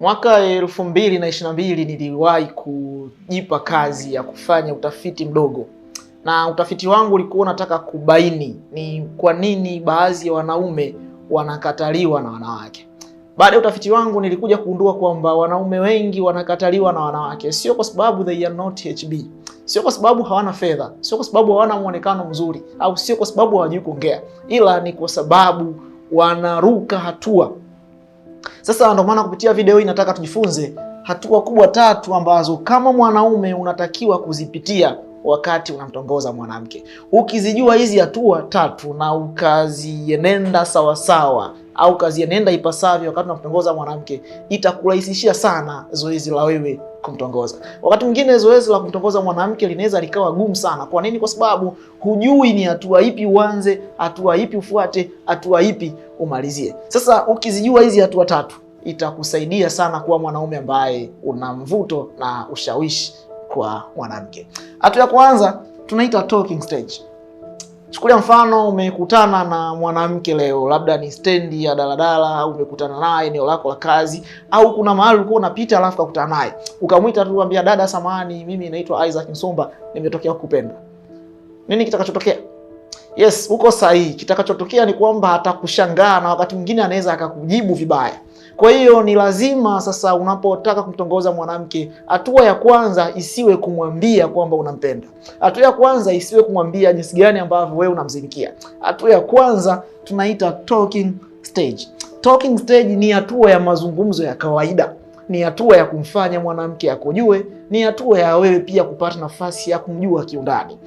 Mwaka elfu mbili na ishirini na mbili niliwahi kujipa kazi ya kufanya utafiti mdogo, na utafiti wangu ulikuwa nataka kubaini ni kwa nini baadhi ya wanaume wanakataliwa na wanawake. Baada ya utafiti wangu nilikuja kugundua kwamba wanaume wengi wanakataliwa na wanawake, sio kwa sababu they are not HB, sio kwa sababu hawana fedha, sio kwa sababu hawana muonekano mzuri, au sio kwa sababu hawajui kuongea, ila ni kwa sababu wanaruka hatua sasa ndio maana kupitia video hii nataka tujifunze hatua kubwa tatu ambazo kama mwanaume unatakiwa kuzipitia wakati unamtongoza mwanamke. Ukizijua hizi hatua tatu na ukazienenda sawasawa au ukazienenda ipasavyo wakati unamtongoza mwanamke, itakurahisishia sana zoezi la wewe kumtongoza. Wakati mwingine zoezi la kumtongoza mwanamke linaweza likawa gumu sana. Kwa nini? Kwa sababu hujui ni hatua ipi uanze, hatua ipi ufuate, hatua ipi umalizie. Sasa ukizijua hizi hatua tatu, itakusaidia sana kuwa mwanaume ambaye una mvuto na ushawishi kwa mwanamke. Hatua ya kwanza tunaita talking stage. Chukulia mfano umekutana na mwanamke leo, labda ni stendi ya daladala, au umekutana naye eneo lako la kazi, au kuna mahali ulikuwa unapita alafu kakutana naye, ukamwita tu kumwambia, dada, samani mimi naitwa Isaac Nsomba, nimetokea kukupenda. Nini kitakachotokea? Yes, uko sahihi. Kitakachotokea ni kwamba atakushangaa na wakati mwingine anaweza akakujibu vibaya. Kwa hiyo ni lazima sasa, unapotaka kumtongoza mwanamke, hatua ya kwanza isiwe kumwambia kwamba unampenda. Hatua ya kwanza isiwe kumwambia jinsi gani ambavyo wewe unamzinikia. Hatua ya kwanza tunaita talking stage. Talking stage ni hatua ya mazungumzo ya kawaida ni hatua ya kumfanya mwanamke akujue, ni hatua ya wewe pia kupata nafasi ya kumjua kiundani.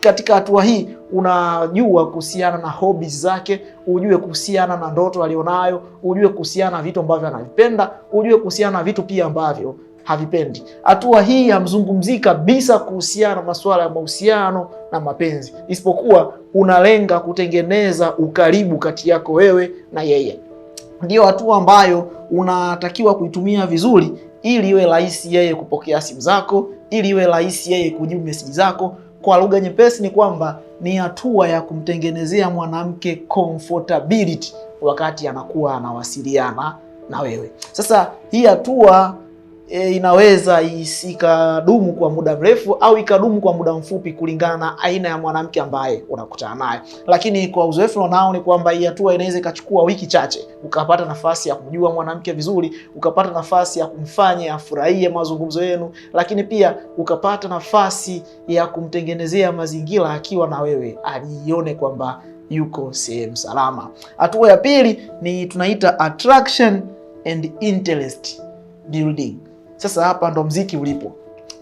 katika hatua hii unajua kuhusiana na hobi zake, ujue kuhusiana na ndoto alionayo, ujue kuhusiana na vitu ambavyo anavipenda, ujue kuhusiana na vitu pia ambavyo havipendi. Hatua hii hamzungumzii kabisa kuhusiana na masuala ya mahusiano na mapenzi, isipokuwa unalenga kutengeneza ukaribu kati yako wewe na yeye ndiyo hatua ambayo unatakiwa kuitumia vizuri, ili iwe rahisi yeye kupokea simu zako, ili iwe rahisi yeye kujibu meseji zako. Kwa lugha nyepesi, ni kwamba ni hatua ya kumtengenezea mwanamke comfortability wakati anakuwa anawasiliana na wewe. Sasa hii hatua e, inaweza isikadumu kwa muda mrefu au ikadumu kwa muda mfupi kulingana na aina ya mwanamke ambaye unakutana naye, lakini kwa uzoefu nao ni kwamba hii hatua inaweza ikachukua wiki chache, ukapata nafasi ya kumjua mwanamke vizuri, ukapata nafasi ya kumfanya afurahie mazungumzo yenu, lakini pia ukapata nafasi ya kumtengenezea mazingira akiwa na wewe ajione kwamba yuko sehemu salama. Hatua ya pili ni tunaita attraction and interest building. Sasa hapa ndo mziki ulipo,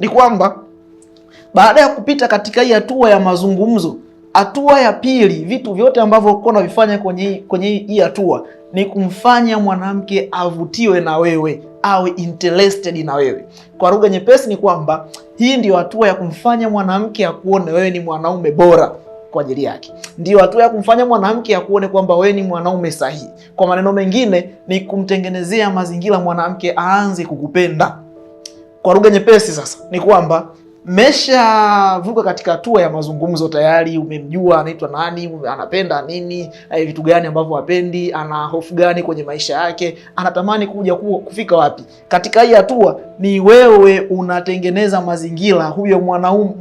ni kwamba baada ya kupita katika hii hatua ya mazungumzo, hatua ya pili, vitu vyote ambavyo ulikuwa unavifanya kwenye kwenye hii hatua ni kumfanya mwanamke avutiwe na wewe, awe interested na wewe. Kwa lugha nyepesi, ni kwamba hii ndio hatua ya kumfanya mwanamke akuone wewe ni mwanaume bora kwa ajili yake, ndio hatua ya kumfanya mwanamke akuone kwamba wewe ni mwanaume sahihi. Kwa maneno mengine, ni kumtengenezea mazingira mwanamke aanze kukupenda. Kwa lugha nyepesi sasa ni kwamba mmeshavuka katika hatua ya mazungumzo tayari. Umemjua anaitwa nani, anapenda nini, eh, vitu gani ambavyo hapendi, ana hofu gani kwenye maisha yake, anatamani kuja kuwa, kufika wapi. Katika hii hatua ni wewe unatengeneza mazingira huyo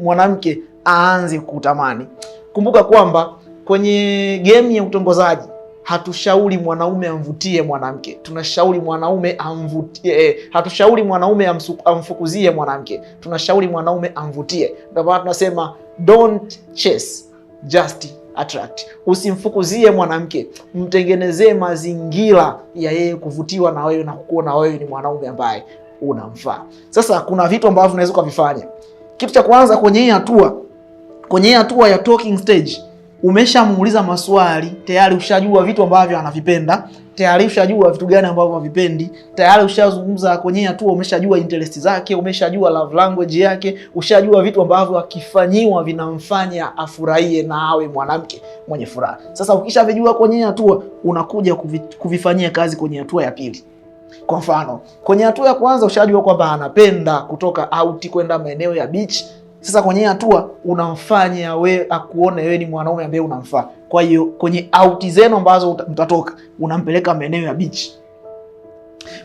mwanamke aanze kutamani. Kumbuka kwamba kwenye game ya utongozaji Hatushauri mwanaume amvutie mwanamke, tunashauri mwanaume amvutie eh, hatushauri mwanaume amfukuzie mwanamke, tunashauri mwanaume amvutie. Ndio maana tunasema don't chase, just attract. Usimfukuzie mwanamke, mtengenezee mazingira ya yeye kuvutiwa na wewe na kukuona wewe ni mwanaume ambaye unamfaa. Sasa kuna vitu ambavyo unaweza ukavifanya. Kitu cha kwanza kwenye hii hatua, kwenye hii hatua ya talking stage umeshamuuliza maswali tayari, ushajua vitu ambavyo anavipenda tayari, ushajua vitu gani ambavyo havipendi tayari, ushazungumza kwenye hatua, umeshajua interest zake, umeshajua love language yake, ushajua vitu ambavyo akifanyiwa vinamfanya afurahie na awe mwanamke mwenye furaha. Sasa ukishavijua kwenye hatua, unakuja kuvifanyia kazi kwenye hatua ya pili. Kwa mfano, kwenye hatua ya kwanza ushajua kwamba anapenda kutoka auti kwenda maeneo ya beach sasa kwenye hatua unamfanya we akuone wewe ni mwanaume ambaye unamfaa. Kwa hiyo kwenye auti zenu ambazo mtatoka unampeleka maeneo ya bichi.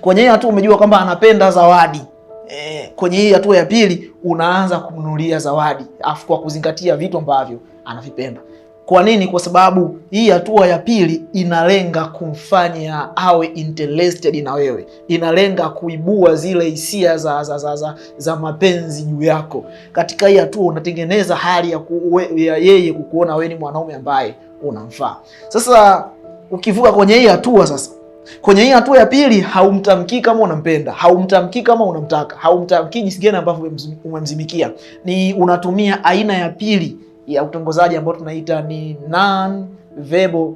Kwenye hii hatua umejua kwamba anapenda zawadi. E, kwenye hii hatua ya pili unaanza kumnunulia zawadi afu kwa kuzingatia vitu ambavyo anavipenda. Kwa nini? Kwa sababu hii hatua ya pili inalenga kumfanya awe interested na wewe, inalenga kuibua zile hisia za, za, za, za, za mapenzi juu yako. Katika hii hatua unatengeneza hali ya, kuwe, ya yeye kukuona wewe ni mwanaume ambaye unamfaa. Sasa ukivuka kwenye hii hatua sasa kwenye hii hatua ya pili haumtamkii kama unampenda, haumtamkii kama unamtaka, haumtamkii jinsi gani ambavyo umemzimikia. Ni unatumia aina ya pili ya utongozaji ambayo tunaita ni non verbal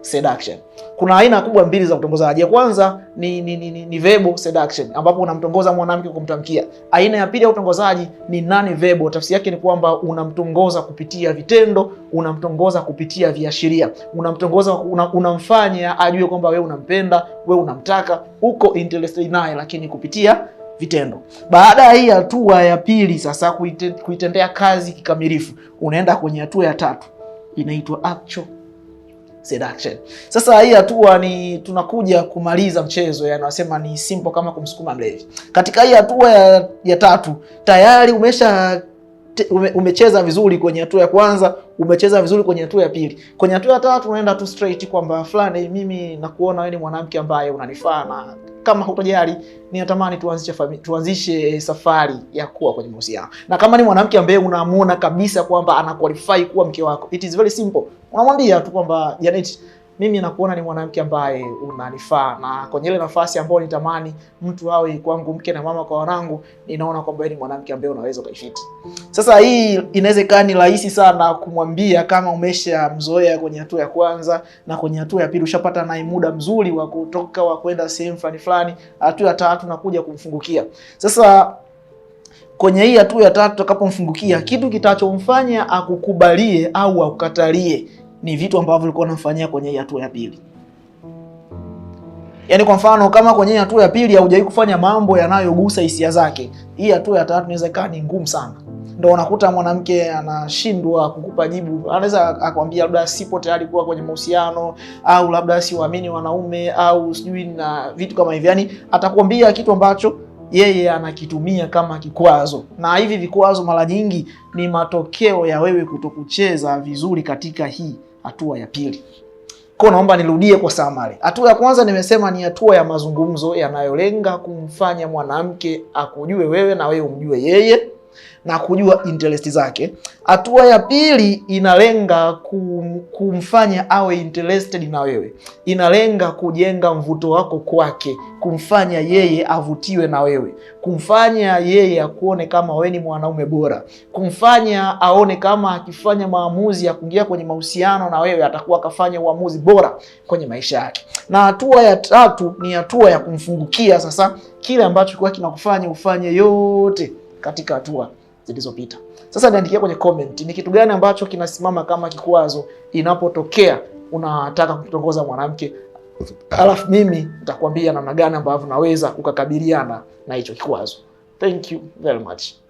seduction. Kuna aina kubwa mbili za utongozaji. Ya kwanza ni, ni, ni, ni, ni verbal seduction ambapo unamtongoza mwanamke kumtamkia. Aina ya pili ya utongozaji ni non verbal. Tafsiri yake ni kwamba unamtongoza kupitia vitendo, unamtongoza kupitia viashiria, unamtongoza una, unamfanya ajue kwamba wewe unampenda, wewe unamtaka, uko interested naye, lakini kupitia vitendo. Baada ya hii hatua ya pili sasa kuitendea kazi kikamilifu, unaenda kwenye hatua ya tatu inaitwa actual seduction. Sasa hii hatua ni tunakuja kumaliza mchezo, yani wasema ni simple kama kumsukuma mlevi. Katika hii hatua ya, ya tatu tayari umesha ume, umecheza vizuri kwenye hatua ya kwanza, umecheza vizuri kwenye hatua ya pili, kwenye hatua ya tatu unaenda tu straight kwamba fulani, mimi nakuona wewe ni mwanamke ambaye unanifaa na kama hutojali ninatamani tuanzishe tuanzishe eh, safari ya kuwa kwenye mahusiano, na kama ni mwanamke ambaye unamuona kabisa kwamba anakwalify kuwa mke wako, it is very simple, unamwambia tu kwamba Janet mimi nakuona ni mwanamke ambaye unanifaa, na kwenye ile nafasi ambayo nitamani mtu awe kwangu mke na mama kwa wanangu, ninaona kwamba ni mwanamke ambaye unaweza ukaifiti. Sasa hii inaweza ikawa ni rahisi sana kumwambia kama umeshamzoea kwenye hatua ya kwanza, na kwenye hatua ya pili ushapata naye muda mzuri wa kutoka wa kwenda sehemu fulani fulani, hatua ya tatu nakuja kumfungukia sasa kwenye hii hatua ya tatu utakapomfungukia, kitu kitachomfanya akukubalie au akukatalie ni vitu ambavyo ulikuwa unamfanyia kwenye hatua ya pili. Yaani kwa mfano kama kwenye hatua ya pili haujawahi kufanya mambo yanayogusa hisia zake, hii hatua ya tatu inaweza ikawa ni ngumu sana. Ndio unakuta mwanamke anashindwa kukupa jibu. Anaweza akwambia labda sipo tayari kuwa kwenye mahusiano, au labda siwaamini wanaume, au sijui na vitu kama hivyo. Yaani atakwambia kitu ambacho yeye anakitumia kama kikwazo, na hivi vikwazo mara nyingi ni matokeo ya wewe kutokucheza vizuri katika hii hatua ya pili. Kwa naomba nirudie kwa summary. Hatua ya kwanza nimesema ni hatua ya mazungumzo yanayolenga kumfanya mwanamke akujue wewe na wewe umjue yeye na kujua interest zake. Hatua ya pili inalenga kum, kumfanya awe interested na wewe, inalenga kujenga mvuto wako kwake, kumfanya yeye avutiwe na wewe, kumfanya yeye akuone kama wewe ni mwanaume bora, kumfanya aone kama akifanya maamuzi ya kuingia kwenye mahusiano na wewe atakuwa akafanya uamuzi bora kwenye maisha yake. Na hatua ya tatu ni hatua ya kumfungukia sasa kile ambacho kwa kinakufanya ufanye yote katika hatua zilizopita. Sasa niandikia kwenye comment ni kitu gani ambacho kinasimama kama kikwazo inapotokea unataka kutongoza mwanamke, alafu mimi nitakwambia namna gani ambavyo naweza ukakabiliana na hicho kikwazo. Thank you very much.